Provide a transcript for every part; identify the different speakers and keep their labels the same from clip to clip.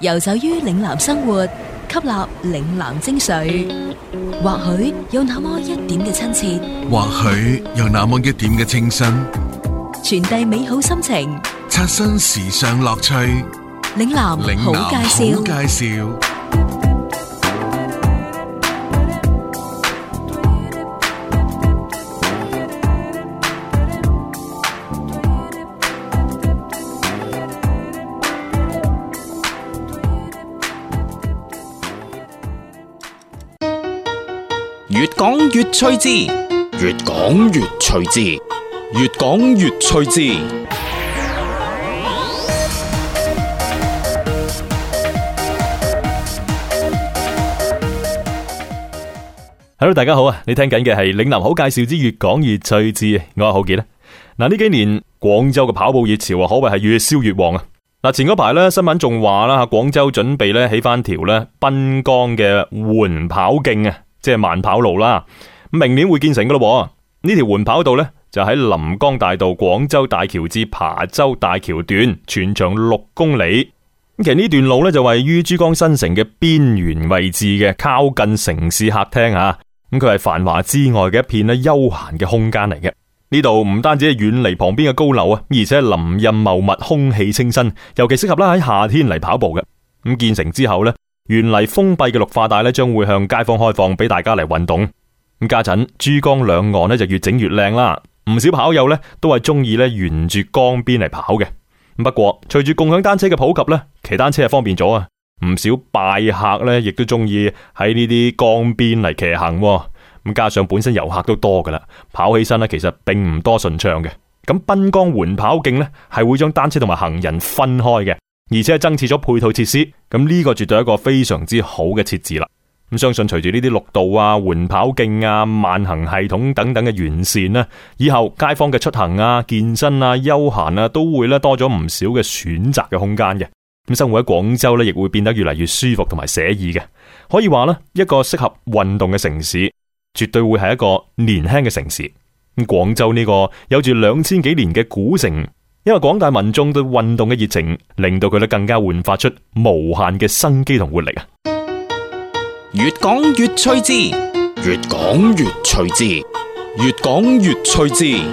Speaker 1: 遊走於嶺南生活，吸納嶺南精髓，或許有那麼一點嘅親切，
Speaker 2: 或許有那麼一點嘅清新，
Speaker 1: 傳遞美好心情，
Speaker 2: 刷新時尚樂趣。
Speaker 1: 嶺南好介紹，好介
Speaker 2: 紹。
Speaker 3: 越趣之，越講越趣之，越講越趣之。
Speaker 4: Hello，大家好啊！你聽緊嘅係嶺南好介紹之越講越趣之，我係浩杰咧。嗱，呢幾年廣州嘅跑步熱潮啊，可謂係越燒越旺啊！嗱，前嗰排咧新聞仲話啦，廣州準備咧起翻條咧濱江嘅緩跑徑啊！即係慢跑路啦，明年會建成噶咯。呢條緩跑道咧就喺臨江大道廣州大橋至琶洲大橋段，全長六公里。咁其實呢段路咧就位於珠江新城嘅邊緣位置嘅，靠近城市客廳啊。咁佢係繁華之外嘅一片咧悠閒嘅空間嚟嘅。呢度唔單止係遠離旁邊嘅高樓啊，而且林蔭茂密、空氣清新，尤其適合啦喺夏天嚟跑步嘅。咁建成之後咧。原嚟封閉嘅綠化帶咧，將會向街坊開放俾大家嚟運動。咁家陣珠江兩岸咧就越整越靚啦，唔少跑友咧都係中意咧沿住江邊嚟跑嘅。不過隨住共享單車嘅普及咧，騎單車係方便咗啊，唔少拜客咧亦都中意喺呢啲江邊嚟騎行。咁加上本身遊客都多噶啦，跑起身咧其實並唔多順暢嘅。咁濱江緩跑徑咧係會將單車同埋行人分開嘅。而且係增設咗配套設施，咁呢個絕對係一個非常之好嘅設置啦。咁相信隨住呢啲綠道啊、緩跑徑啊、慢行系統等等嘅完善咧，以後街坊嘅出行啊、健身啊、休閒啊，都會咧多咗唔少嘅選擇嘅空間嘅。咁生活喺廣州咧，亦會變得越嚟越舒服同埋寫意嘅。可以話呢一個適合運動嘅城市，絕對會係一個年輕嘅城市。咁廣州呢個有住兩千幾年嘅古城。因為廣大民眾對運動嘅熱情，令到佢哋更加煥發出無限嘅生機同活力啊！越講
Speaker 3: 越趣致，越講越趣致，越講越趣致。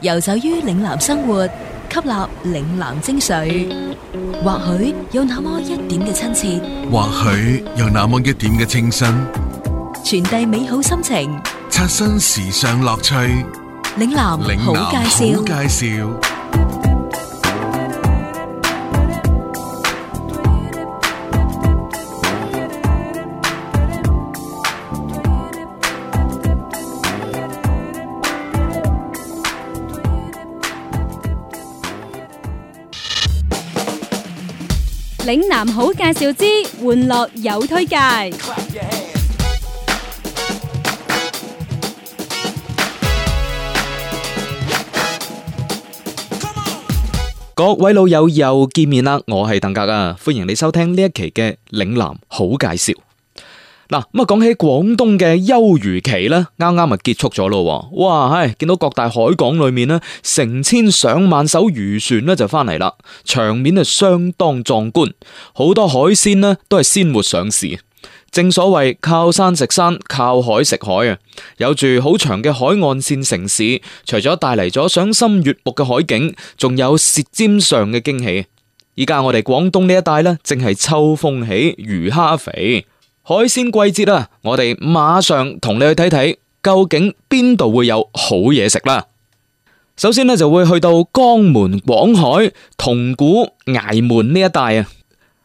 Speaker 1: 游走於嶺南生活，吸納嶺南精髓，或許有那麼一點嘅親切，
Speaker 2: 或許有那麼一點嘅清新，
Speaker 1: 傳遞美好心情，
Speaker 2: 刷新時尚樂趣。
Speaker 1: 嶺南好介
Speaker 2: 紹。
Speaker 5: 嶺南好介紹之玩樂有推介，
Speaker 3: 各位老友又見面啦！我係鄧格啊，歡迎你收聽呢一期嘅嶺南好介紹。嗱，咁啊，講起廣東嘅休漁期呢，啱啱啊結束咗咯。哇，係見到各大海港裏面呢，成千上萬艘漁船呢就翻嚟啦，場面啊相當壯觀。好多海鮮呢都係鮮活上市。正所謂靠山食山，靠海食海啊。有住好長嘅海岸綫，城市除咗帶嚟咗賞心悅目嘅海景，仲有舌尖上嘅驚喜。依家我哋廣東呢一帶呢，正係秋風起，魚蝦肥。海鮮季節啦，我哋馬上同你去睇睇究竟邊度會有好嘢食啦。首先呢，就會去到江門廣海、銅鼓崖門呢一帶啊。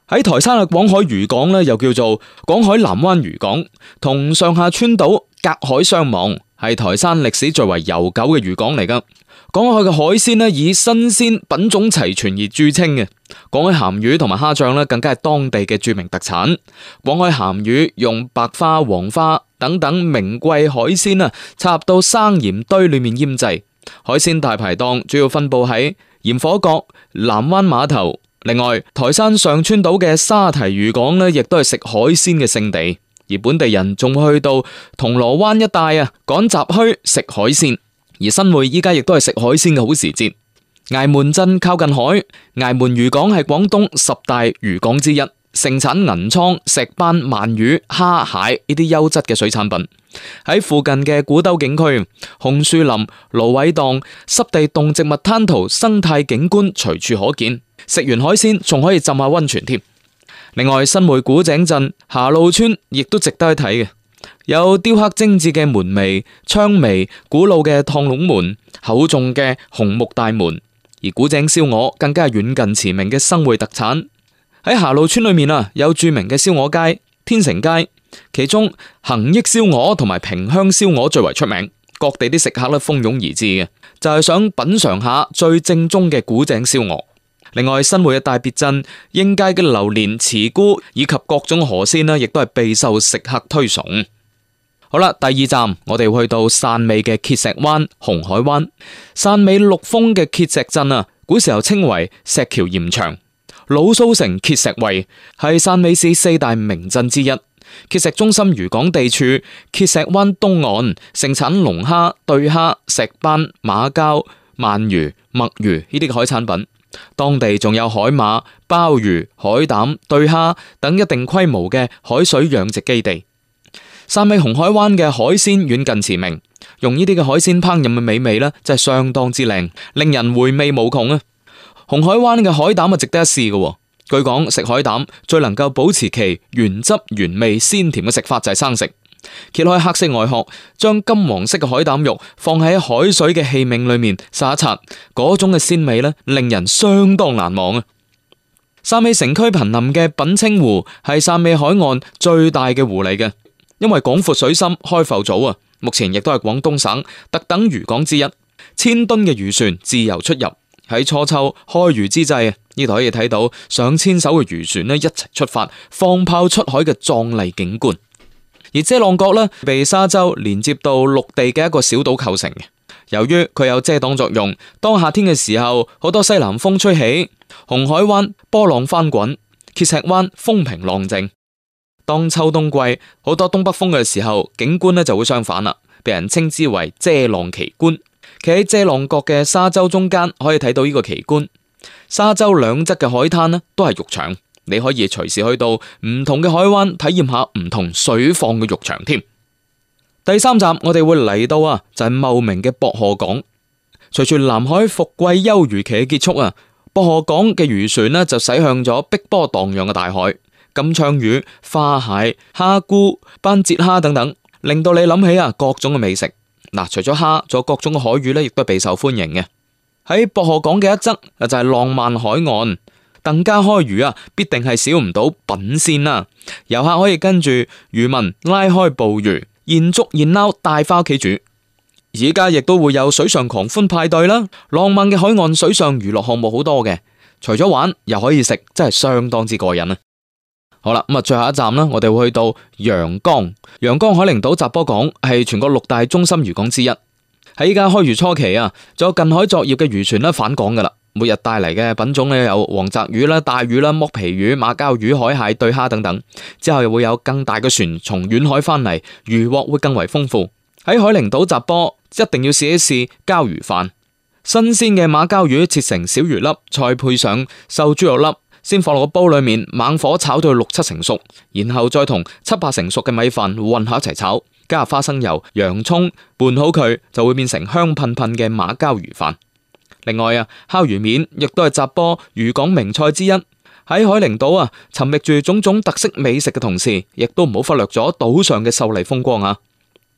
Speaker 3: 喺台山嘅廣海漁港呢，又叫做廣海南灣漁港，同上下川島隔海相望，係台山歷史最為悠久嘅漁港嚟㗎。廣海嘅海鮮呢，以新鮮品種齊全而著稱嘅。廣海鹹魚同埋蝦醬呢，更加係當地嘅著名特產。廣海鹹魚用白花、黃花等等名貴海鮮啊，插入到生鹽堆裏面醃製。海鮮大排檔主要分布喺鹽火角、南灣碼頭。另外，台山上川島嘅沙堤漁港呢，亦都係食海鮮嘅勝地。而本地人仲會去到銅鑼灣一帶啊，趕集墟食海鮮。而新會依家亦都係食海鮮嘅好時節，崖門鎮靠近海，崖門漁港係廣東十大漁港之一，盛產銀鯧、石斑、鰻魚、蝦蟹呢啲優質嘅水產品。喺附近嘅古兜景區，紅樹林、蘆葦蕩、濕地動植物灘塗生態景觀隨處可見。食完海鮮仲可以浸下温泉添。另外，新會古井鎮霞路村亦都值得去睇嘅。有雕刻精致嘅門楣、窗楣、古老嘅趟籠門、厚重嘅紅木大門，而古井燒鵝更加係遠近馳名嘅新會特產。喺霞路村裏面啊，有著名嘅燒鵝街、天成街，其中恒益燒鵝同埋平香燒鵝最為出名，各地啲食客呢，蜂擁而至嘅，就係想品嘗下最正宗嘅古井燒鵝。另外，新會嘅大別鎮、英街嘅榴蓮、慈姑以及各種河鮮呢，亦都係備受食客推崇。好啦，第二站我哋去到汕尾嘅碣石灣、紅海灣、汕尾陸豐嘅碣石鎮啊，古時候稱為石橋鹽場、老蘇城碣石圍，係汕尾市四大名鎮之一。碣石中心漁港地處碣石灣東岸，盛產龍蝦、對蝦、石斑、馬鮫、鰻魚、墨魚呢啲海產品。當地仲有海馬、鮑魚、海膽、對蝦等一定規模嘅海水養殖基地。汕尾紅海灣嘅海鮮遠近馳名，用呢啲嘅海鮮烹飪嘅美味呢，真係相當之靚，令人回味無窮啊！紅海灣嘅海膽啊，值得一試嘅。據講，食海膽最能夠保持其原汁原味鮮甜嘅食法就係生食。揭開黑色外殼，將金黃色嘅海膽肉放喺海水嘅器皿裏面灑灑，擦一擦，嗰種嘅鮮味呢，令人相當難忘啊！汕尾城區瀕臨嘅品清湖係汕尾海岸最大嘅湖嚟嘅。因為廣闊水深，開埠早啊！目前亦都係廣東省特等漁港之一，千噸嘅漁船自由出入。喺初秋開漁之際，呢度可以睇到上千艘嘅漁船呢一齊出發、放炮出海嘅壯麗景觀。而遮浪角呢，被沙洲連接到陸地嘅一個小島構成。由於佢有遮擋作用，當夏天嘅時候，好多西南風吹起，紅海灣波浪翻滾，碣石灣風平浪靜。當秋冬季好多東北風嘅時候，景觀呢就會相反啦，被人稱之為遮浪奇觀。企喺遮浪角嘅沙洲中間，可以睇到呢個奇觀。沙洲兩側嘅海灘呢都係浴場，你可以隨時去到唔同嘅海灣體驗下唔同水況嘅浴場添。第三站我哋會嚟到啊，就係茂名嘅博賀港。隨住南海伏季休漁期嘅結束啊，博賀港嘅漁船呢就駛向咗碧波蕩漾嘅大海。金槍魚、花蟹、蝦菇、斑節蝦等等，令到你諗起啊各種嘅美食。嗱，除咗蝦，仲有各種嘅海魚咧，亦都係備受歡迎嘅。喺博賀港嘅一側啊，就係、是、浪漫海岸。疍家開漁啊，必定係少唔到品鮮啊！遊客可以跟住漁民拉開捕魚，現捉現撈，帶返屋企煮。而家亦都會有水上狂歡派對啦！浪漫嘅海岸水上娛樂項目好多嘅，除咗玩，又可以食，真係相當之過癮啊！好啦，咁啊，最後一站啦，我哋會去到陽江，陽江海陵島閘坡港係全國六大中心漁港之一。喺依家開漁初期啊，仲有近海作業嘅漁船啦返港噶啦，每日帶嚟嘅品種咧有黃鯽魚啦、大魚啦、剝皮魚、馬鮫魚、海蟹、對蝦等等。之後又會有更大嘅船從遠海返嚟，漁獲會更為豐富。喺海陵島閘坡一定要試一試膠魚飯，新鮮嘅馬鮫魚切成小魚粒，再配上瘦豬肉粒。先放落個煲裏面，猛火炒到六七成熟，然後再同七八成熟嘅米飯混合一齊炒，加入花生油、洋蔥拌好佢，就會變成香噴噴嘅馬鮫魚飯。另外啊，烤魚麵亦都係閘坡漁港名菜之一。喺海陵島啊，尋覓住種種特色美食嘅同時，亦都唔好忽略咗島上嘅秀麗風光啊！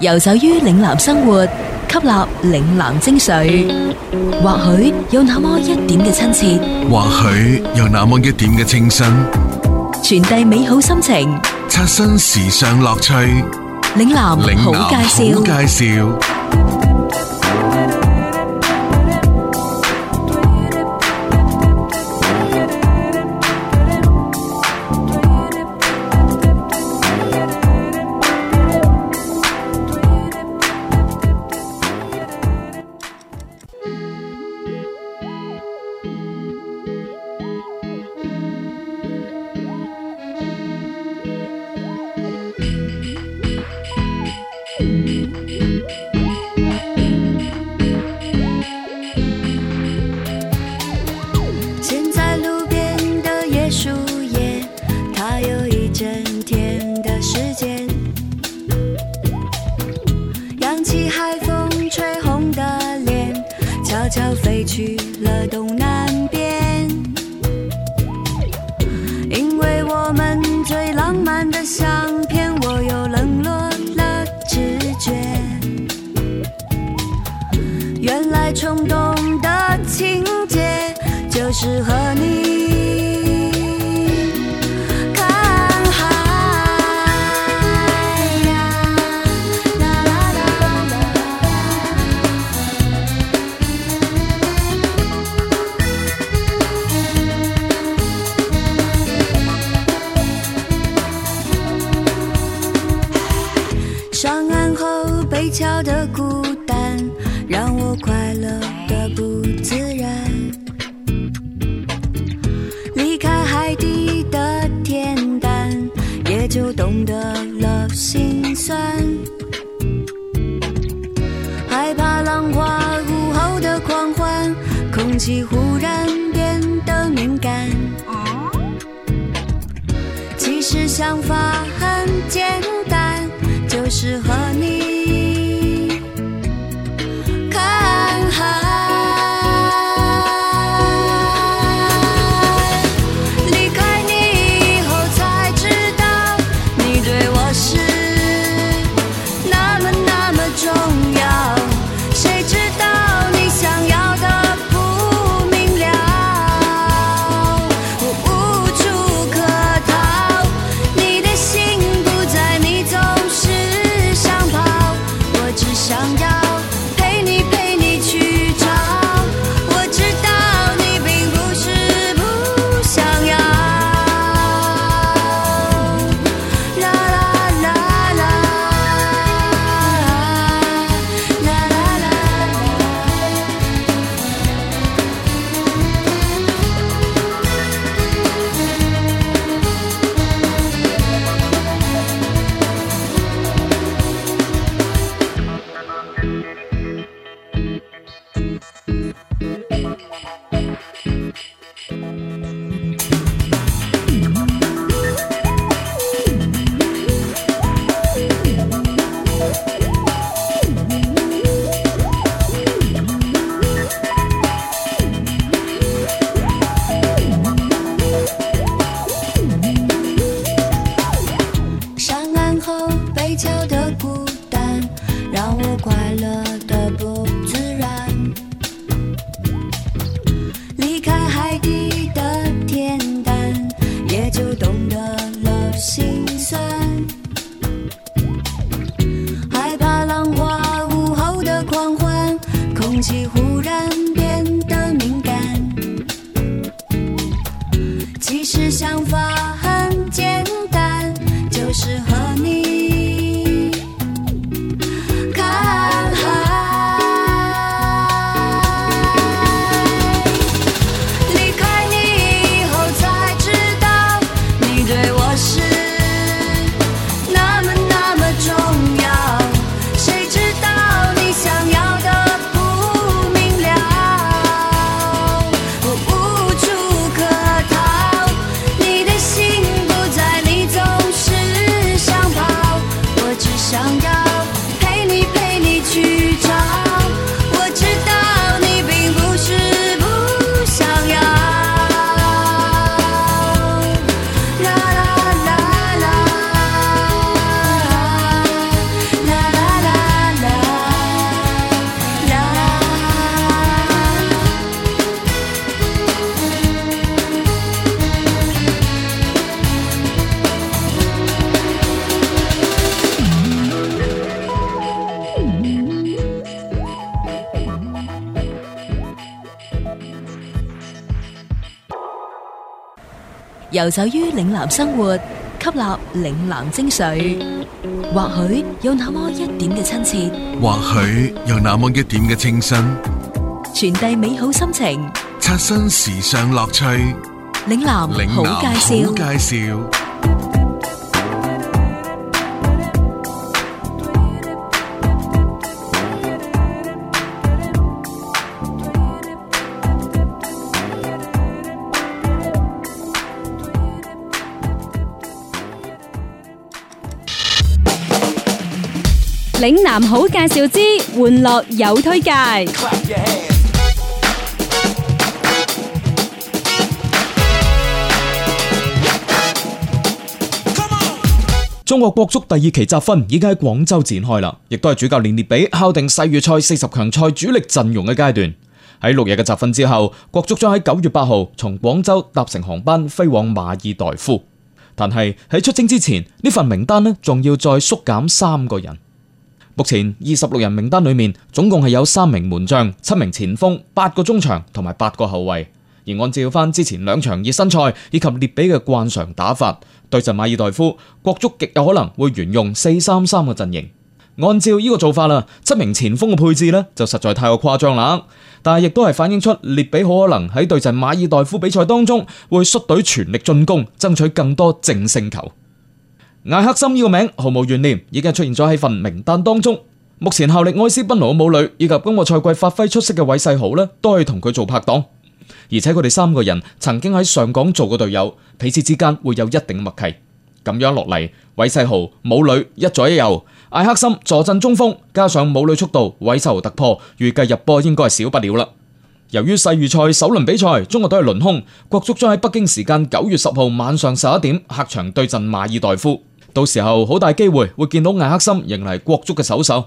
Speaker 1: 遊走於嶺南生活，吸納嶺南精髓，或許有那麼一點嘅親切，
Speaker 2: 或許有那麼一點嘅清新，
Speaker 1: 傳遞美好心情，
Speaker 2: 刷新時尚樂趣。
Speaker 1: 嶺南好介紹。遊走於嶺南生活，吸納嶺南精髓，或許有那麼一點嘅親切，
Speaker 2: 或許有那麼一點嘅清新，
Speaker 1: 傳遞美好心情，
Speaker 2: 刷新時尚樂趣。
Speaker 1: 嶺南好介
Speaker 2: 紹。
Speaker 5: 嶺南好介紹之，玩樂有推介。
Speaker 3: 中國國足第二期集訓已經喺廣州展開啦，亦都係主教練里皮敲定世預賽四十強賽主力陣容嘅階段。喺六日嘅集訓之後，國足將喺九月八號從廣州搭乘航班飛往馬爾代夫。但係喺出征之前，呢份名單咧，仲要再縮減三個人。目前二十六人名單裏面，總共係有三名門將、七名前鋒、八個中場同埋八個後衛。而按照翻之前兩場熱身賽以及列比嘅慣常打法，對陣馬爾代夫，國足極有可能會沿用四三三嘅陣型。按照呢個做法啦，七名前鋒嘅配置呢，就實在太過誇張啦。但係亦都係反映出列比好可能喺對陣馬爾代夫比賽當中會率隊全力進攻，爭取更多淨勝球。艾克森呢個名毫無懸念，已經出現咗喺份名單當中。目前效力愛斯賓奴嘅武磊，以及今個賽季發揮出色嘅韋世豪咧，都係同佢做拍檔。而且佢哋三個人曾經喺上港做過隊友，彼此之間會有一定默契。咁樣落嚟，韋世豪、武磊一左一右，艾克森坐鎮中鋒，加上武磊速度，韋世豪突破，預計入波應該係少不了啦。由於世預賽首輪比賽中國隊係輪空，國足將喺北京時間九月十號晚上十一點客場對陣馬爾代夫。到時候好大機會會見到艾克森迎嚟國足嘅首秀。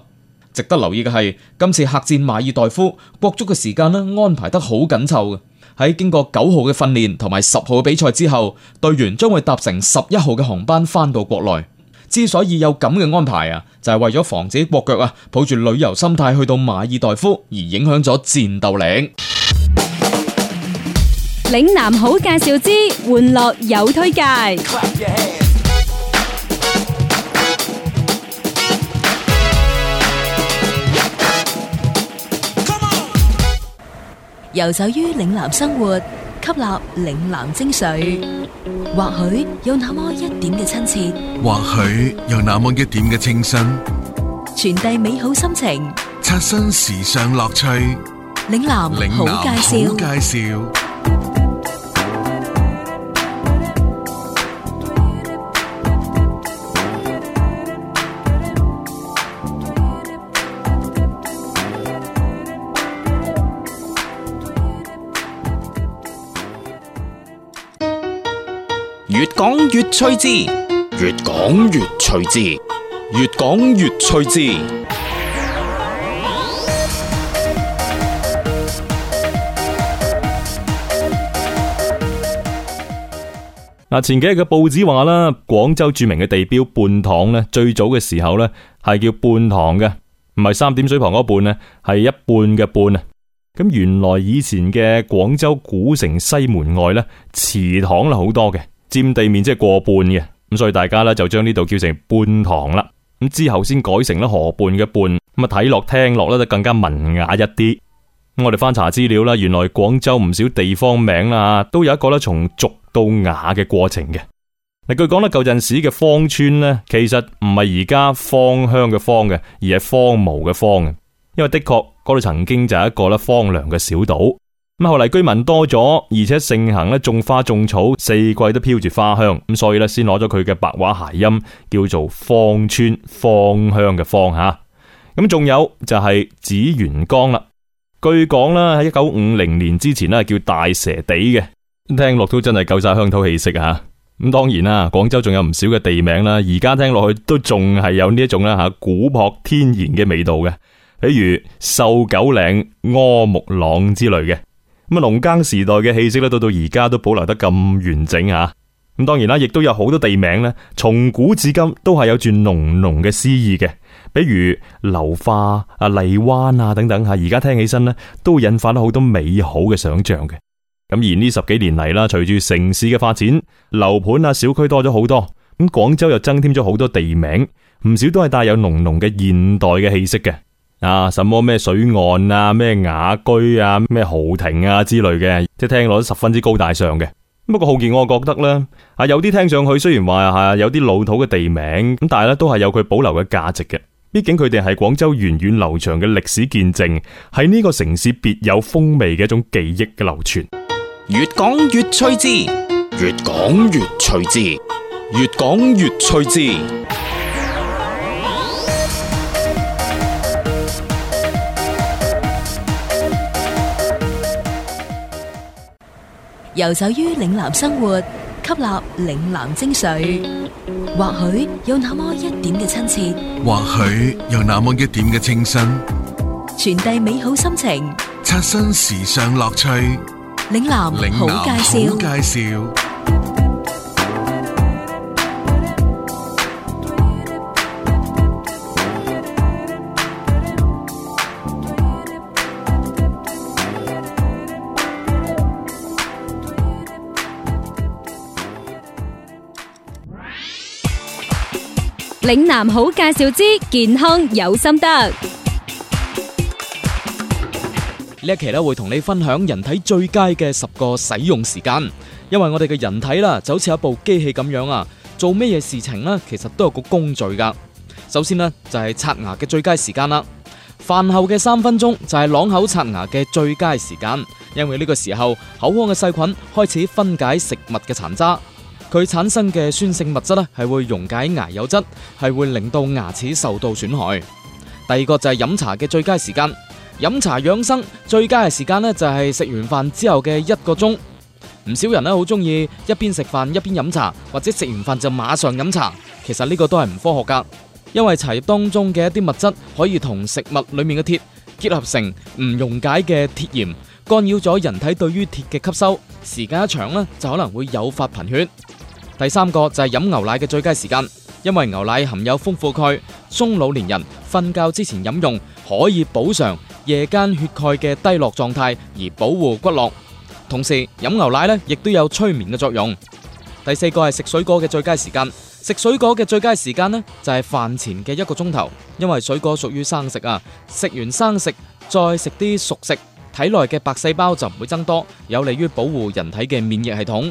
Speaker 3: 值得留意嘅係，今次客戰馬爾代夫，國足嘅時間呢，安排得好緊湊嘅。喺經過九號嘅訓練同埋十號嘅比賽之後，隊員將會搭乘十一號嘅航班翻到國內。之所以有咁嘅安排啊，就係為咗防止國腳啊抱住旅遊心態去到馬爾代夫而影響咗戰鬥領。
Speaker 5: 嶺南好介紹之，玩樂有推介。
Speaker 1: 遊走於嶺南生活，吸納嶺南精髓，或許有那麼一點嘅親切，
Speaker 2: 或許有那麼一點嘅清新，
Speaker 1: 傳遞美好心情，
Speaker 2: 刷新時尚樂趣。
Speaker 1: 嶺南好介
Speaker 2: 紹。
Speaker 3: 講越趣致，越講越趣致，越講越趣致。
Speaker 4: 嗱，前幾日嘅報紙話啦，廣州著名嘅地標泮塘呢，最早嘅時候呢係叫半塘嘅，唔係三點水旁嗰泮呢，係一半嘅半啊。咁原來以前嘅廣州古城西門外呢，祠堂啦，好多嘅。佔地面即係過半嘅，咁所以大家咧就將呢度叫成半塘啦，咁之後先改成咧河畔嘅半，咁啊睇落聽落咧就更加文雅一啲。咁我哋翻查資料啦，原來廣州唔少地方名啦，都有一個咧從俗到雅嘅過程嘅。嗱，據講咧舊陣時嘅芳村咧，其實唔係而家芳香嘅芳嘅，而係荒蕪嘅荒嘅，因為的確嗰度曾經就係一個咧荒涼嘅小島。咁後嚟居民多咗，而且盛行咧種花種草，四季都飄住花香，咁所以咧先攞咗佢嘅白話諧音，叫做芳村芳香嘅芳吓。咁仲有就係梓元崗啦。據講咧喺一九五零年之前咧叫大蛇地嘅，聽落都真係夠晒鄉土氣息吓。咁當然啦，廣州仲有唔少嘅地名啦，而家聽落去都仲係有呢一種咧吓古樸天然嘅味道嘅，譬如瘦狗嶺、柯木塱之類嘅。咁啊，農耕時代嘅氣息咧，到到而家都保留得咁完整啊！咁當然啦，亦都有好多地名咧，從古至今都係有住濃濃嘅詩意嘅，比如流花啊、荔灣啊等等吓，而家聽起身咧，都引發咗好多美好嘅想象嘅。咁而呢十幾年嚟啦，隨住城市嘅發展，樓盤啊、小區多咗好多，咁廣州又增添咗好多地名，唔少都係帶有濃濃嘅現代嘅氣息嘅。啊，什麼咩水岸啊，咩雅居啊，咩豪、啊、豪庭啊之類嘅，即係聽落十分之高大上嘅。不過浩健，我覺得咧，啊有啲聽上去雖然話係有啲老土嘅地名，咁但係咧都係有佢保留嘅價值嘅。畢竟佢哋係廣州源遠流長嘅歷史見證，喺呢個城市別有風味嘅一種記憶嘅流傳。越講越趣致，越
Speaker 3: 講越趣致，越講越趣致。
Speaker 1: 遊走於嶺南生活，吸納嶺南精髓，或許有那麼一點嘅親切，
Speaker 2: 或許有那麼一點嘅清新，
Speaker 1: 傳遞美好心情，
Speaker 2: 刷新時尚樂趣。
Speaker 1: 嶺南好介
Speaker 2: 紹。
Speaker 5: 嶺南好介紹之健康有心得，
Speaker 3: 呢一期咧會同你分享人體最佳嘅十個使用時間，因為我哋嘅人體啦就好似一部機器咁樣啊，做咩嘢事情呢其實都有個工序㗎。首先呢，就係刷牙嘅最佳時間啦，飯後嘅三分鐘就係朗口刷牙嘅最佳時間，因為呢個時候口腔嘅細菌開始分解食物嘅殘渣。佢產生嘅酸性物質咧，係會溶解牙釉質，係會令到牙齒受到損害。第二個就係飲茶嘅最佳時間，飲茶養生最佳嘅時間呢，就係食完飯之後嘅一個鐘。唔少人呢好中意一邊食飯一邊飲茶，或者食完飯就馬上飲茶。其實呢個都係唔科學噶，因為茶葉當中嘅一啲物質可以同食物裡面嘅鐵結合成唔溶解嘅鐵鹽，干擾咗人體對於鐵嘅吸收。時間一長呢，就可能會誘發貧血。第三個就係飲牛奶嘅最佳時間，因為牛奶含有豐富鈣，中老年人瞓覺之前飲用可以補償夜間血鈣嘅低落狀態而保護骨骼。同時飲牛奶呢亦都有催眠嘅作用。第四個係食水果嘅最佳時間，食水果嘅最佳時間呢就係飯前嘅一個鐘頭，因為水果屬於生食啊，食完生食再食啲熟食，體內嘅白細胞就唔會增多，有利於保護人體嘅免疫系統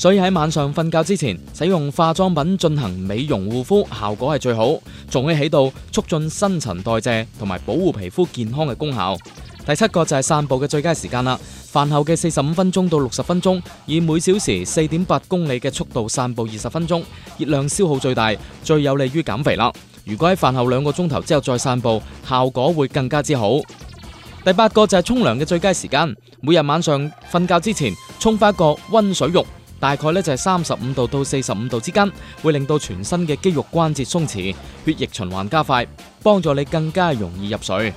Speaker 3: 所以喺晚上瞓覺之前使用化妝品進行美容護膚效果係最好，仲可以起到促進新陳代謝同埋保護皮膚健康嘅功效。第七個就係散步嘅最佳時間啦，飯後嘅四十五分鐘到六十分鐘，以每小時四點八公里嘅速度散步二十分鐘，熱量消耗最大，最有利於減肥啦。如果喺飯後兩個鐘頭之後再散步，效果會更加之好。第八個就係沖涼嘅最佳時間，每日晚上瞓覺之前沖翻個温水浴。大概咧就係三十五度到四十五度之間，會令到全身嘅肌肉關節鬆弛，血液循環加快，幫助你更加容易入睡。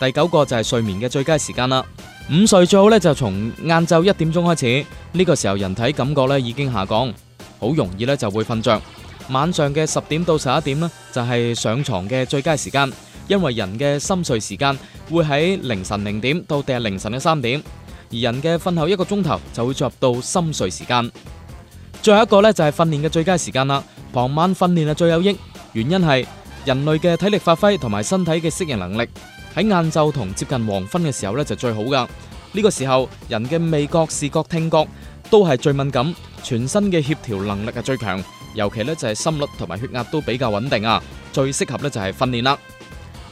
Speaker 3: 第九個就係睡眠嘅最佳時間啦。午睡最好呢，就從晏晝一點鐘開始，呢個時候人體感覺咧已經下降，好容易呢就會瞓着。晚上嘅十點到十一點呢，就係上床嘅最佳時間，因為人嘅深睡時間會喺凌晨零點到定係凌晨嘅三點。而人嘅瞓後一個鐘頭就會進入到深睡時間。最後一個呢，就係訓練嘅最佳時間啦。傍晚訓練係最有益，原因係人類嘅體力發揮同埋身體嘅適應能力喺晏晝同接近黃昏嘅時候呢，就最好噶。呢、這個時候人嘅味覺、視覺、聽覺都係最敏感，全身嘅協調能力係最強，尤其呢，就係心率同埋血壓都比較穩定啊，最適合呢，就係訓練啦。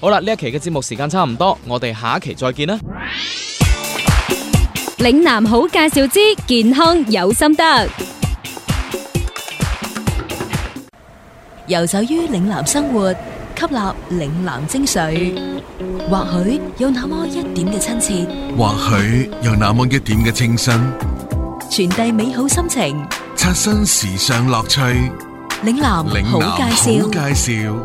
Speaker 3: 好啦，呢一期嘅節目時間差唔多，我哋下一期再見啦。
Speaker 5: 嶺南好介紹之健康有心得，
Speaker 1: 遊走於嶺南生活，吸納嶺南精髓，或許有那麼一點嘅親切，
Speaker 2: 或許有那麼一點嘅清新，
Speaker 1: 傳遞美好心情，
Speaker 2: 刷新時尚樂趣。
Speaker 1: 嶺南好介
Speaker 2: 紹。